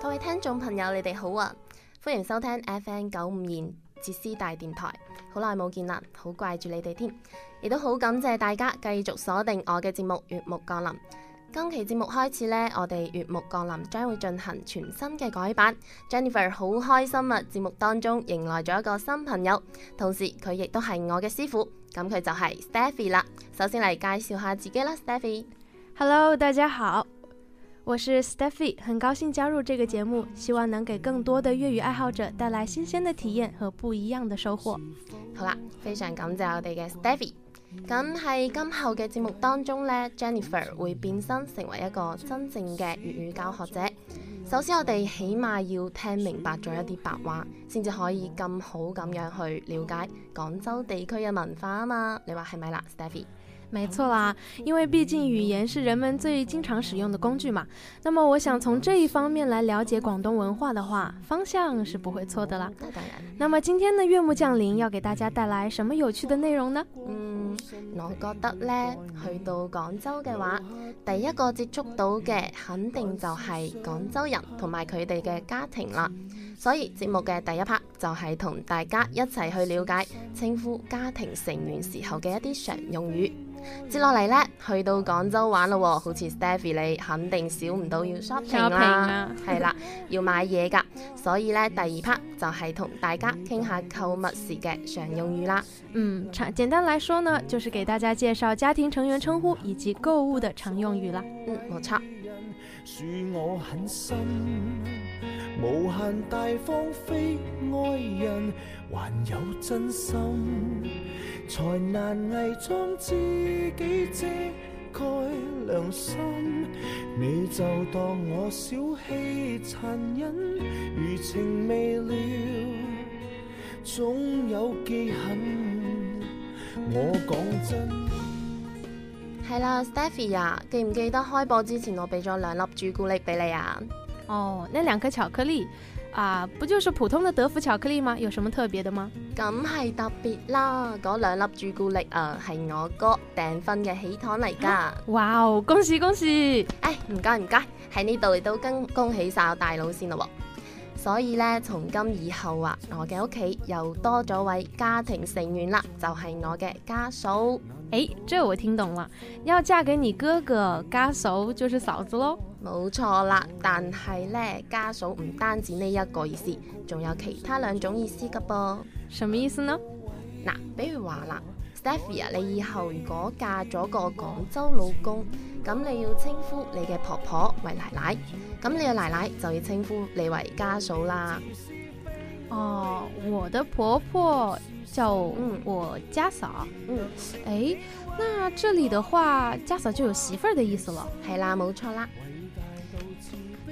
各位聽眾朋友，你哋好啊！歡迎收聽 FM 九五二。浙設施大電台，好耐冇見啦，好掛住你哋添，亦都好感謝大家繼續鎖定我嘅節目《月幕降臨》。今期節目開始呢，我哋《月幕降臨》將會進行全新嘅改版。Jennifer 好開心啊！節目當中迎來咗一個新朋友，同時佢亦都係我嘅師傅。咁佢就係 Stephy 啦。首先嚟介紹下自己啦，Stephy。Steph Hello，大家好。我是 Steffy，很高興加入這個節目，希望能給更多的粵語愛好者帶來新鮮的體驗和不一樣的收穫。好啦，非常感謝我哋嘅 Steffy，咁喺今後嘅節目當中呢，Jennifer 會變身成為一個真正嘅粵語教學者。首先，我哋起碼要聽明白咗一啲白話，先至可以咁好咁樣去了解廣州地區嘅文化啊嘛，你話係咪啦，Steffy？沒錯啦，因為畢竟語言是人們最經常使用的工具嘛。那麼我想從這一方面來了解廣東文化的話，方向是不會錯的啦。那當然。那麼今天的夜幕降臨要給大家帶來什麼有趣的內容呢？嗯，我覺得呢，去到廣州嘅話，第一個接觸到嘅肯定就係廣州人同埋佢哋嘅家庭啦。所以節目嘅第一 part 就係同大家一齊去了解稱呼家庭成員時候嘅一啲常用語。接落嚟呢，去到廣州玩咯，哦，好似 Stephy 你，肯定少唔到要 shopping 啦，係啦，要買嘢噶，所以呢，第二 part 就係同大家傾下購物時嘅常用語啦。嗯，簡單來說呢，就是給大家介紹家庭成員稱呼以及購物的常用語啦。冇錯，嗯。無限大方非愛人，還有真心才難偽裝自己遮蓋良心。你就當我小氣殘忍，餘情未了，總有記恨。我講真，係啦，Stephy 啊，記唔記得開播之前我俾咗兩粒朱古力俾你啊？哦，呢兩顆巧克力，啊、呃，不就是普通的德芙巧克力嗎？有什麼特別的嗎？咁係特別啦，嗰兩粒朱古力啊，係、呃、我哥訂婚嘅喜糖嚟㗎。哇哦，恭喜恭喜！唉、哎，唔該唔該，喺呢度嚟到跟恭喜晒我大佬先啦。所以呢，從今以後啊，我嘅屋企又多咗位家庭成員啦，就係、是、我嘅家嫂。哎，這我聽懂了，要嫁給你哥哥，家嫂就是嫂子咯。冇錯啦，但係咧，家嫂唔單止呢一個意思，仲有其他兩種意思噶噃。什麼意思呢？嗱、啊，比如話啦 Stephy 啊，你以後如果嫁咗個廣州老公，咁你要稱呼你嘅婆婆為奶奶，咁你嘅奶奶就要稱呼你為家嫂啦。哦、啊，我的婆婆就叫、嗯、我家嫂，嗯，誒、哎，那這裡的話，家嫂就有媳婦兒的意思咯，係啦，冇錯啦。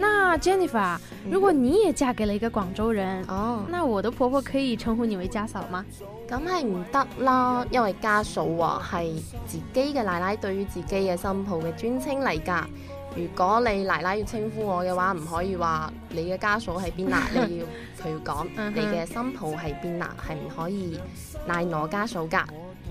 那 Jennifer，如果你也嫁給了一個廣州人，哦，那我的婆婆可以稱呼你為家嫂嗎？咁係唔得啦，因為家嫂啊係自己嘅奶奶對於自己嘅新抱嘅尊稱嚟噶。如果你奶奶要稱呼我嘅話，唔可以話你嘅家嫂喺邊啦，你要佢講你嘅新抱喺邊啦，係唔可以嗌我家嫂噶。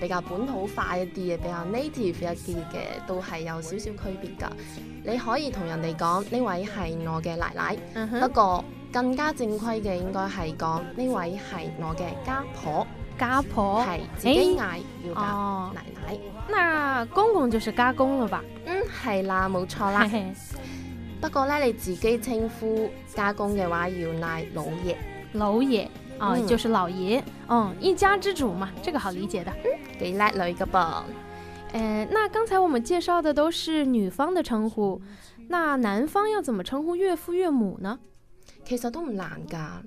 比較本土化一啲嘅，比較 native 一啲嘅，都係有少少區別噶。你可以同人哋講呢位係我嘅奶奶，嗯、哼不過更加正規嘅應該係講呢位係我嘅家婆。家婆係自己嗌要嗌奶奶，欸哦、那公公就是家公了吧？嗯，係啦，冇錯啦。不過呢，你自己稱呼家公嘅話，要嗌老爺。老爺。哦，oh，嗯、就是老爺，嗯，一家之主嘛，這個好理解的。俾奶摟一個抱，誒、呃，那剛才我們介紹的都是女方的稱呼，那男方要怎麼稱呼岳父岳母呢？其實都唔難噶，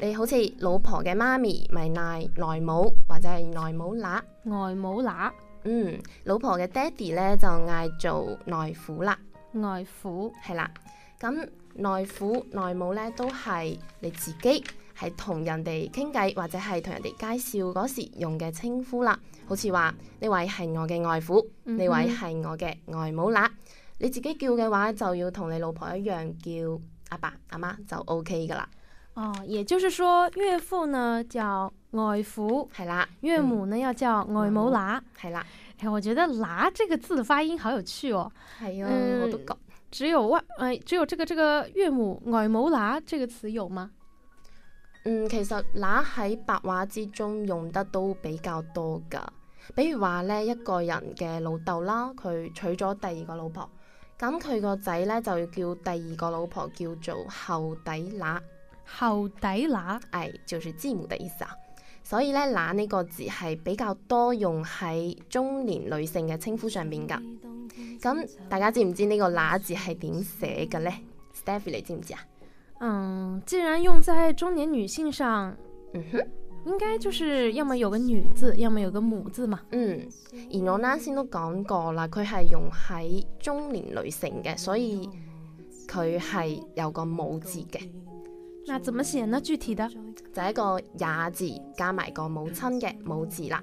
你好似老婆嘅媽咪咪嗌內母或者係內母乸，外母乸，嗯，老婆嘅爹哋咧就嗌做內父啦，外父係啦，咁內父內母咧都係你自己。係同人哋傾偈或者係同人哋介紹嗰時用嘅稱呼啦，好似話呢位係我嘅外父，呢、嗯、哼位係我嘅外母乸。你自己叫嘅話就要同你老婆一樣叫阿爸阿媽就 O K 噶啦。哦，也就是說，岳父呢叫外父，係啦，岳母呢、嗯、要叫外母乸，係、嗯、啦。誒，我覺得乸這個字嘅發音好有趣哦。係啊，我都講，只有外誒，只有這個這個岳母外母乸這個詞有嗎？嗯，其實乸喺白話之中用得都比較多噶，比如話呢，一個人嘅老豆啦，佢娶咗第二個老婆，咁佢個仔呢，就要叫第二個老婆叫做後底乸，後底乸，係就、哎、是字母的意思啊。所以呢，乸呢個字係比較多用喺中年女性嘅稱呼上邊噶。咁大家知唔知個呢個乸字係點寫嘅呢？Stephy，你知唔知啊？嗯，既然用在中年女性上，嗯哼，應該就是要麼有個女字，要麼有個母字嘛。嗯，而我啱先都講過啦，佢係用喺中年女性嘅，所以佢係有個母字嘅。那怎麼寫呢？具體的就係一個也字加埋個母親嘅母字啦。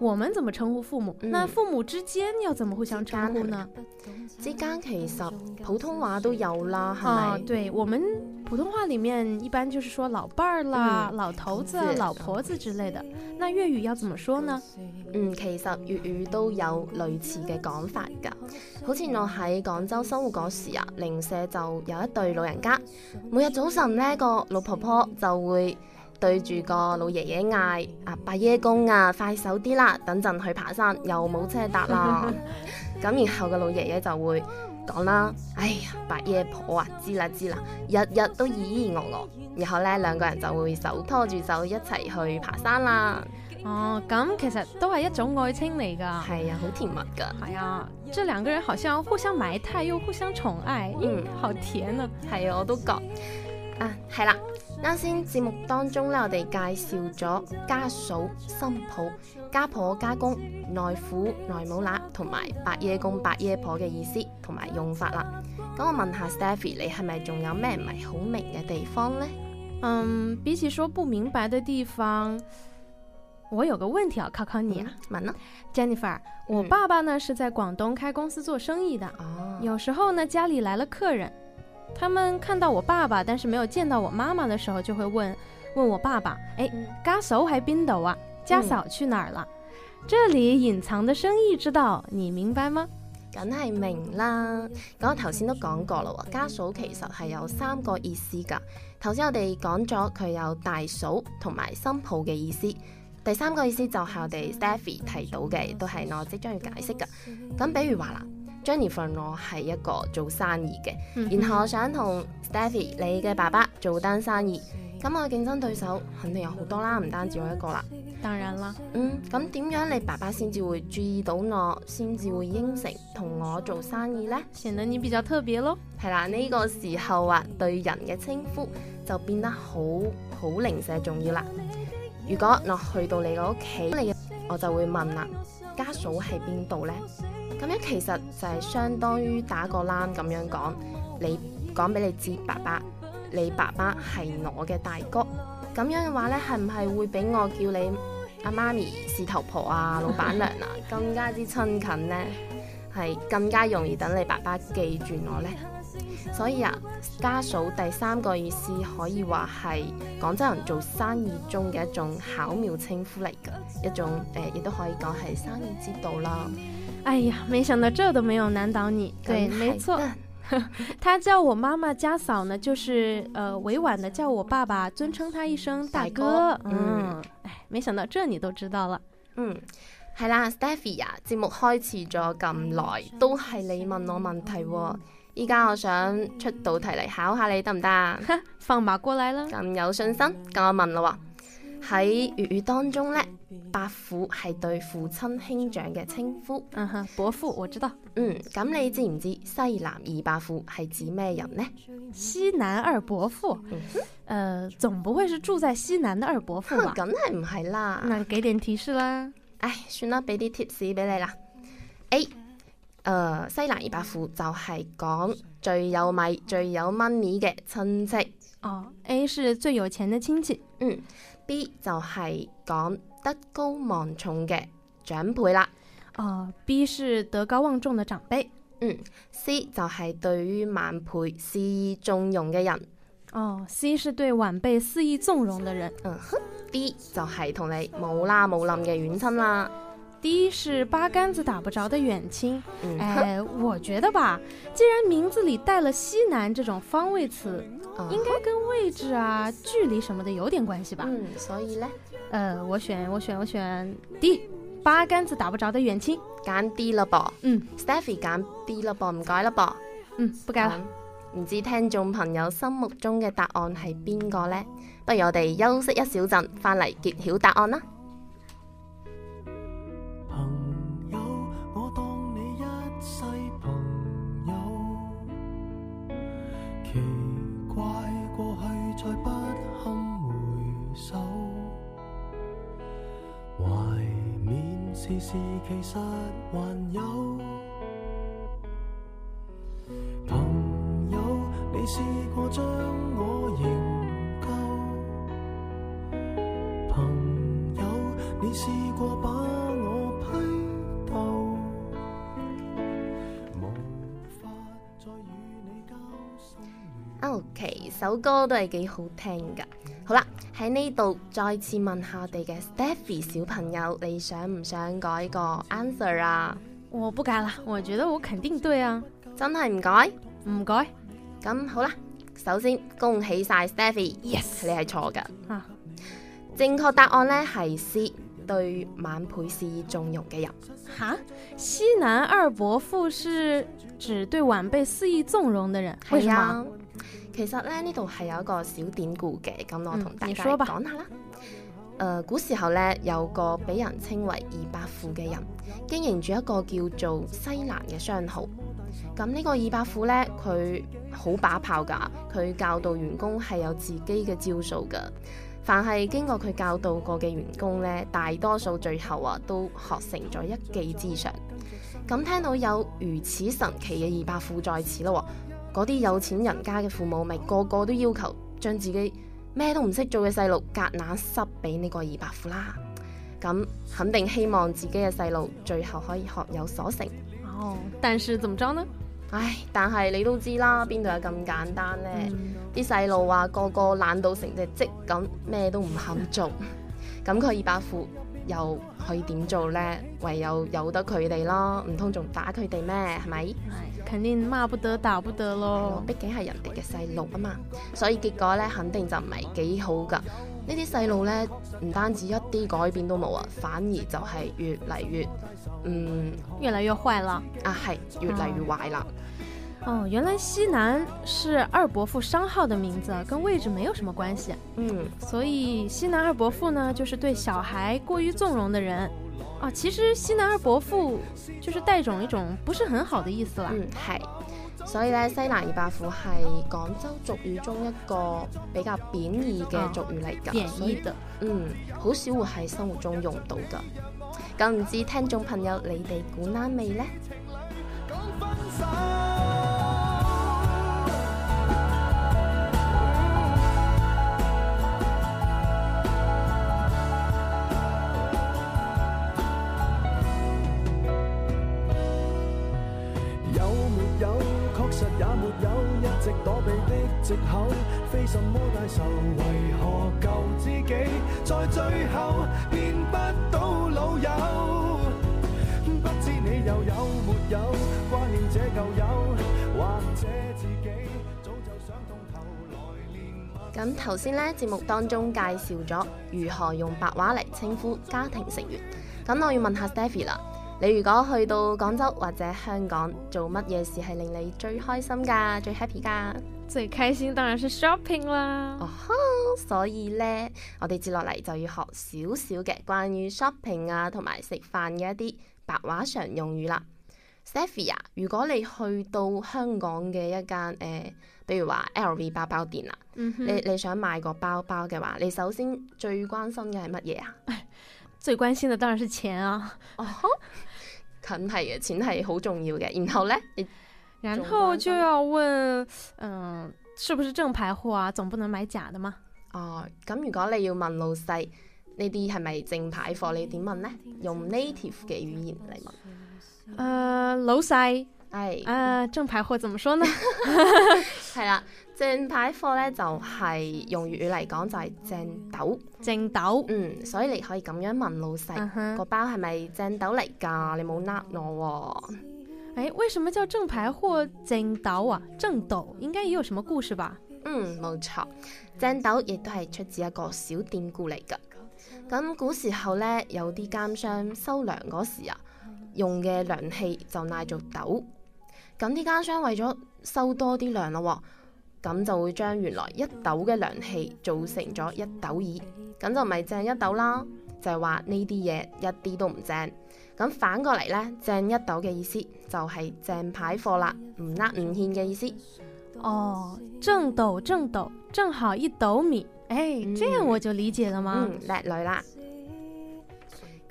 我們怎麼稱呼父母？嗯、那父母之間要怎麼互相稱呼呢？之間其實普通話都有啦，係咪？啊，是是對，我們普通話裏面一般就是說老伴啦、嗯、老頭子、嗯、老婆子之類的。那粵語要怎麼說呢？嗯，其實粵語都有類似嘅講法噶。好似我喺廣州生活嗰時啊，鄰舍就有一對老人家，每日早晨呢個老婆婆就會對住個老爺爺嗌：啊，伯爺公啊，快手啲啦，等陣去爬山又冇車搭啦。咁 然後個老爺爺就會講啦：哎呀，伯爺婆啊，知啦知啦，日日都依依我我。然後呢，兩個人就會手拖住手一齊去爬山啦。哦，咁其實都係一種愛情嚟噶。係啊，好甜蜜噶。係啊、哎，即係兩個人好像互相埋汰又互相寵愛，嗯，好甜啊。係啊，我都覺啊，係啦。啱先節目當中呢，我哋介紹咗家嫂、新抱、家婆、家公、外父、外母乸同埋伯爺公、伯爺婆嘅意思同埋用法啦。咁我問下 Stephy，你係咪仲有咩唔係好明嘅地方呢？嗯，彼此說不明白嘅地方。我有個問題要考考你。嗯、問啊。嘛呢？Jennifer，嗯、我爸爸呢是在廣東開公司做生意的。啊。有時候呢，家裏來了客人。他們看到我爸爸，但是沒有見到我媽媽的時候，就會問問我爸爸：誒、欸，嗯、家嫂喺邊度啊？家嫂去哪啦？這裏隱藏的生意之道，你明白嗎？梗係明啦。咁我頭先都講過咯，家嫂其實係有三個意思噶。頭先我哋講咗佢有大嫂同埋新抱嘅意思，第三個意思就係我哋 Stephy 提到嘅，都係我即將要解釋噶。咁比如話啦。Jennifer，我係一個做生意嘅，嗯、哼然後我想同 Stephie 你嘅爸爸做單生意，咁我嘅競爭對手肯定有好多啦，唔單止我一個啦。當然啦，嗯，咁點樣你爸爸先至會注意到我，先至會應承同我做生意呢？顯得你比較特別咯，係 啦，呢、這個時候啊，對人嘅稱呼就變得好好零舍重要啦。如果我去到你個屋企，你我就會問啦。家嫂喺邊度呢？咁樣其實就係相當於打個冷咁樣講，你講俾你知，爸爸，你爸爸係我嘅大哥。咁樣嘅話呢，係唔係會俾我叫你阿媽、啊、咪、事頭婆啊、老闆娘啊，更加之親近呢，係更加容易等你爸爸記住我呢。所以啊，家嫂第三個意思可以話係廣州人做生意中嘅一種巧妙稱呼嚟㗎，一種誒，亦、呃、都可以講係生意之道啦。哎呀，沒想到這都沒有難倒你。對，是沒錯錯， 他叫我媽媽家嫂呢，就是、呃、委婉的叫我爸爸，尊稱他一聲大哥。嗯，哎、嗯，沒想到這你都知道了。嗯，係啦 Stephy 啊，節目開始咗咁耐，都係你問我問題、啊。依家我想出道題嚟考下你得唔得？放馬過嚟啦！咁有信心，咁我問啦喎，喺粵語當中呢，「伯父」係對父親兄長嘅稱呼。嗯哼，伯父我知道。嗯，咁你知唔知西南二伯父係指咩人呢？嗯嗯嗯「西南二伯父」，誒、呃，總不會是住在西南的二伯父吧？梗係唔係啦。那給點提示啦？唉，算啦，俾啲貼士畀你啦。A。誒、呃，西拿二伯父就係講最有米、最有蚊米嘅親戚。哦、啊、，A 是最有錢嘅親戚。嗯，B 就係講德高望重嘅長輩啦。哦、啊、，B 是德高望重嘅長輩。嗯，C 就係對於晚輩肆意縱容嘅人。哦、啊、，C 是對晚輩肆意縱容嘅人。嗯哼，B 就係同你冇拉冇冧嘅遠親啦。D 是八竿子打不着的遠親，誒、嗯哼欸，我覺得吧，既然名字裏帶了西南這種方位詞，啊、應該跟位置啊、距離什麼的有點關係吧。嗯，所以呢，誒、呃，我選我選我選 D，八竿子打不着的遠親，揀 D 啦噃。嗯，Stephy 揀 D 啦噃。唔該啦噃。嗯，唔該啦。唔、嗯、知聽眾朋友心目中嘅答案係邊個咧？不如我哋休息一小陣，翻嚟揭曉答案啦。奇怪，過去再不堪回首，懷緬時時其實還有。都都係幾好聽噶，好啦，喺呢度再次問下我哋嘅 Stephy 小朋友，你想唔想改個 answer 啊？我不改啦，我覺得我肯定對啊，真係唔改，唔改煩。咁好啦，首先恭喜晒 Stephy，Yes，Yes. 你係錯噶，啊，正確答案呢係 C，對晚輩肆意縱容嘅人。吓，西南二伯父是指對晚輩肆意縱容的人，為什其實咧，呢度係有一個小典故嘅，咁我同大家講下啦。誒、嗯，古時候咧，有個俾人稱為二伯父嘅人，經營住一個叫做西蘭嘅商號。咁呢個二伯父咧，佢好把炮噶，佢教導員工係有自己嘅招數噶。凡係經過佢教導過嘅員工咧，大多數最後啊都學成咗一技之長。咁聽到有如此神奇嘅二伯父在此咯。嗰啲有錢人家嘅父母，咪個個都要求將自己咩都唔識做嘅細路，夾硬塞俾呢個二伯父啦。咁肯定希望自己嘅細路最後可以學有所成。哦，但是怎麼着呢？唉，但係你都知啦，邊度有咁簡單呢？啲細路啊，個個懶到成隻積咁，咩都唔肯做。咁 佢二伯父又可以點做呢？唯有由得佢哋咯，唔通仲打佢哋咩？係咪？肯定罵不得打不得咯，畢竟係人哋嘅細路啊嘛，所以結果咧肯定就唔係幾好噶。呢啲細路咧唔單止一啲改變都冇啊，反而就係越嚟越，嗯，越嚟越壞啦。啊係，越嚟越壞啦，嗯。哦，原來西南是二伯父商號嘅名字，跟位置沒有什麼關係。嗯，所以西南二伯父呢，就是對小孩過於縱容嘅人。哦、啊，其實西南二伯父就是帶種一種不是很好的意思啦，係、嗯，所以咧西南二伯父係廣州俗語中一個比較貶義嘅俗語嚟噶，貶義的，嗯，好少會喺生活中用到噶，咁唔知聽眾朋友你哋估啱未呢？咁頭先呢，節目當中介紹咗如何用白話嚟稱呼家庭成員。咁我要問下 Stephy 啦。你如果去到廣州或者香港做乜嘢事係令你最開心噶、最 happy 噶？最開心當然是 shopping 啦。哦、oh、所以呢，我哋接落嚟就要學少少嘅關於 shopping 啊，同埋食飯嘅一啲白話常用語啦。Stephy 啊，、mm hmm. 如果你去到香港嘅一間誒，比、呃、如話 LV 包包店啊，mm hmm. 你你想買個包包嘅話，你首先最關心嘅係乜嘢啊？Uh, 最關心嘅，當然是錢啊。哦、oh 近係嘅，錢係好重要嘅。然後咧，然後就要問，嗯、呃，是不是正牌貨啊？總不能買假的嘛。哦，咁如果你要問老細呢啲係咪正牌貨，你點問咧？用 native 嘅語言嚟問。誒、呃，老細。誒，誒、哎啊，正牌貨怎麼說呢？係啦， 正牌貨咧就係、是、用粵語嚟講就係正斗，正斗，正豆嗯，所以你可以咁樣問老細，個、uh huh. 包係咪正斗嚟噶？你冇呃我、哦。誒、哎，為什麼叫正牌貨正斗啊？正斗應該也有什麼故事吧？嗯，冇錯，正斗亦都係出自一個小典故嚟噶。咁古時候咧，有啲奸商收糧嗰時啊，用嘅糧器就嗌做斗。咁啲奸商為咗收多啲糧咯，咁就會將原來一斗嘅糧器做成咗一斗二，咁就唔係正一斗啦。就係話呢啲嘢一啲都唔正。咁反過嚟呢，正一斗嘅意思就係正牌貨啦，唔呃唔欠嘅意思。哦，正斗正斗，正好一斗米。誒、哎，嗯、這樣我就理解了嗎？叻女啦。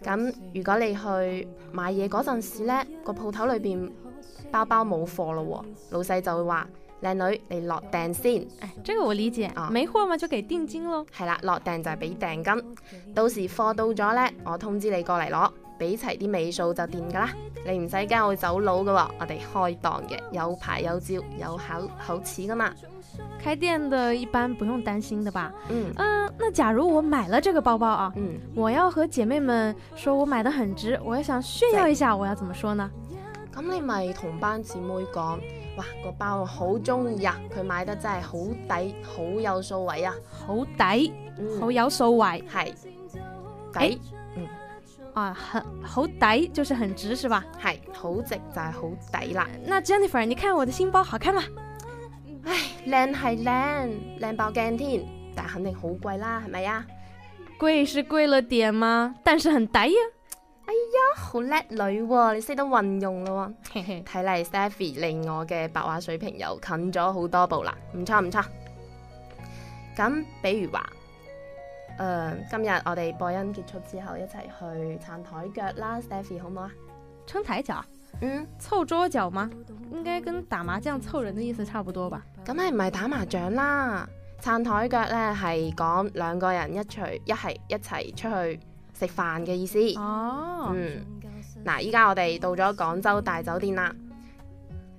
咁如果你去買嘢嗰陣時呢，個鋪頭裏邊。包包冇貨咯，老細就會話：靚女，你落訂先。哎，這個我理解，哦、沒貨嘛就給定金咯。係啦，落訂就係俾定金，到時貨到咗咧，我通知你過嚟攞，俾齊啲尾數就掂噶啦。你唔使驚我會走佬噶、哦，我哋開檔嘅，有牌有照，有口齒噶嘛。開店的一般不用擔心的吧？嗯嗯，那假如我買了這個包包啊，嗯、我要和姐妹們說我買的很值，我要想炫耀一下，我要怎麼說呢？咁你咪同班姐妹講，哇個包我好中意啊！佢買得真係好抵，好有數位啊，好，抵、嗯、好抵，好有數位，係、嗯、抵、啊，好抵，就是很值，是吧？係好值就係好抵啦。那 Jennifer，你看我的新包好看嗎？唉，靚係靚，靚爆鏡添，但肯定好貴啦，係咪啊？貴是貴了點嘛，但是很抵呀、啊。哎呀，好叻女喎，哦！你識得運用咯，睇、哦、嚟 Stephy 離我嘅白話水平又近咗好多步啦，唔錯唔錯。咁，比如話，誒、呃，今日我哋播音結束之後，一齊去撐台腳啦 ，Stephy 好唔好啊？撐台腳？嗯，湊桌腳嗎？應該跟打麻將湊人的意思差唔多吧？咁係唔係打麻將啦？撐台腳呢，係講兩個人一齊一係一齊出去。食飯嘅意思哦，oh。嗯，嗱，依家我哋到咗廣州大酒店啦，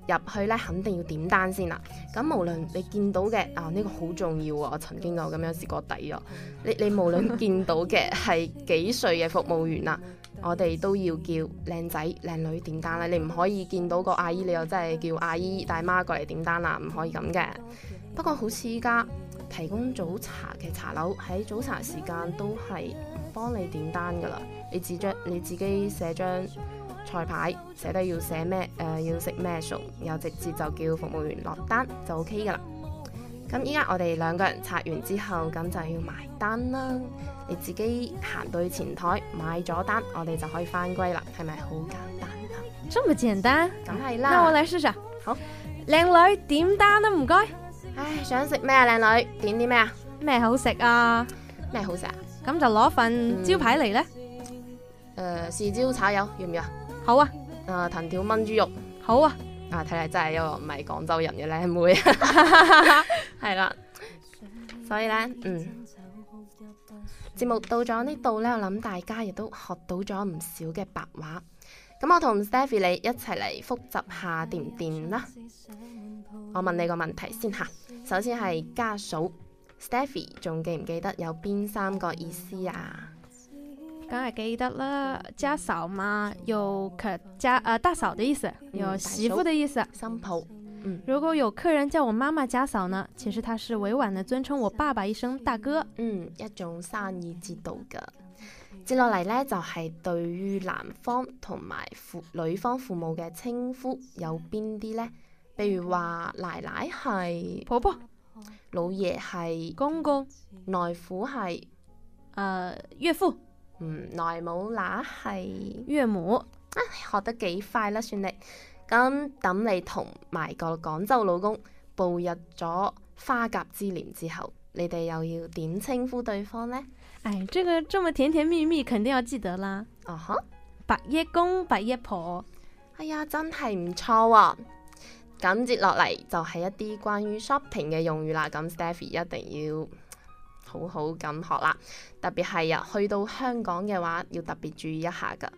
入去咧肯定要點單先啦。咁無論你見到嘅啊，呢個好重要啊！我曾經就咁樣蝕過底啊。 你，你無論見到嘅係幾歲嘅服務員啦， 我哋都要叫靚仔靚女點單啦。你唔可以見到個阿姨，你又真係叫阿姨大媽過嚟點單啦，唔可以咁嘅。不過好似依家提供早茶嘅茶樓喺早茶時間都係幫你點單噶啦，你只張你自己寫張菜牌，寫低要寫咩誒，要食咩餸，然後直接就叫服務員落單就 OK 噶啦。咁依家我哋兩個人拆完之後，咁就要埋單啦。你自己行到前台買咗單，我哋就可以翻歸啦，係咪好簡單啊？咁唔簡單，梗係啦。那我嚟試下。好，靚女點單都唔該。唉，想食咩啊，靚女？點啲咩啊？咩好食啊？咩好食啊？咁就攞份，嗯、招牌嚟呢？誒，呃，豉椒炒魷要唔要啊？好啊。誒，呃，藤條燜豬肉。好啊。啊，睇嚟真係一個唔係廣州人嘅靚妹，係 啦 了。所以呢，嗯，節目到咗呢度呢，我諗大家亦都學到咗唔少嘅白話。咁我同 Stephy 你一齊嚟復習下掂唔掂啦？ 我問你個問題先吓，首先係家嫂。Stephy，仲記唔記得有邊三個意思啊？梗係記得啦，家嫂嘛，有客家啊、呃，大嫂的意思，有媳婦的意思。新抱、嗯，如果有客人叫我媽媽家嫂呢，嗯、其實他是委婉的尊稱我爸爸一聲大哥，嗯，一種生意之道噶。接落嚟呢，就係、是、對於男方同埋女方父母嘅稱呼有邊啲呢？譬如話奶奶係婆婆。老爺係公公，內父係誒、呃、岳父。嗯，內母乸係岳母，啊學得幾快啦，算你。咁、嗯、等你同埋個廣州老公步入咗花甲之年之後，你哋又要點稱呼對方呢？唉、哎，這個這麼甜甜蜜蜜，肯定要記得啦。哦哈、uh，伯、huh、爺公，伯爺婆，哎呀，真係唔錯啊！咁接落嚟就係、是、一啲關於 shopping 嘅用語啦，咁 Stephy 一定要好好咁學啦，特別係呀去到香港嘅話，要特別注意一下噶。誒、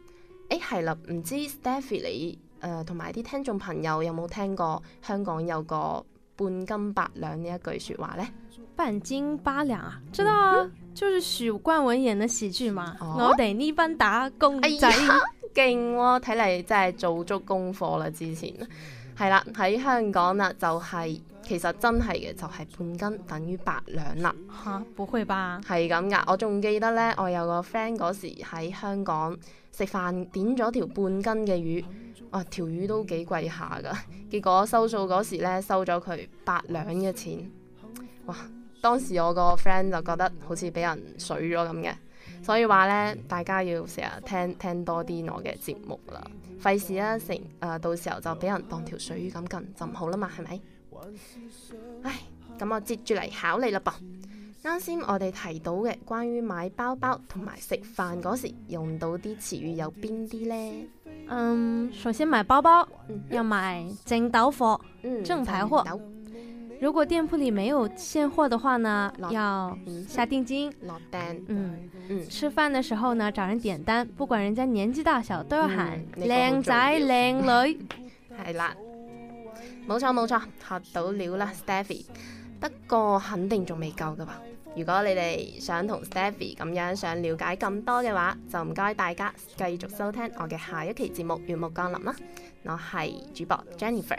欸，係啦，唔知 Stephy 你誒同埋啲聽眾朋友有冇聽過香港有個半斤八兩呢一句說話呢？半斤八兩啊，知道啊，嗯、哼就是許冠文演的喜劇嘛。哦、我哋呢班打工仔勁喎，睇嚟、哎哦、真係做足功課啦，之前。係啦，喺香港啦，就係、是、其實真係嘅，就係、是、半斤等於八兩啦。吓、啊，不會吧？係咁噶，我仲記得呢，我有個 friend 嗰時喺香港食飯點咗條半斤嘅魚，哇、啊，條魚都幾貴下噶。結果收數嗰時呢，收咗佢八兩嘅錢，哇！當時我個 friend 就覺得好似俾人水咗咁嘅，所以話呢，大家要成日聽聽多啲我嘅節目啦。費事啦，成誒、呃，到時候就俾人當條水魚咁近，就唔好啦嘛，係咪？唉，咁我接住嚟考你啦噃。啱先我哋提到嘅關於買包包同埋食飯嗰時用到啲詞語有邊啲呢？嗯，首先買包包、嗯、要買正斗貨，嗯、正牌豆貨。如果店鋪裏沒有現貨的話呢，落要下定金。落單電，嗯嗯。嗯，吃飯的時候呢，找人點單，不管人家年紀大小，都要喊靚仔靚女。係啦、嗯，冇錯冇錯，學到料了啦 Stephy 不過肯定仲未夠噶吧？如果你哋想同 Stephy 咁樣想了解咁多嘅話，就唔該大家繼續收聽我嘅下一期節目，月幕降臨啦。我係主播 Jennifer。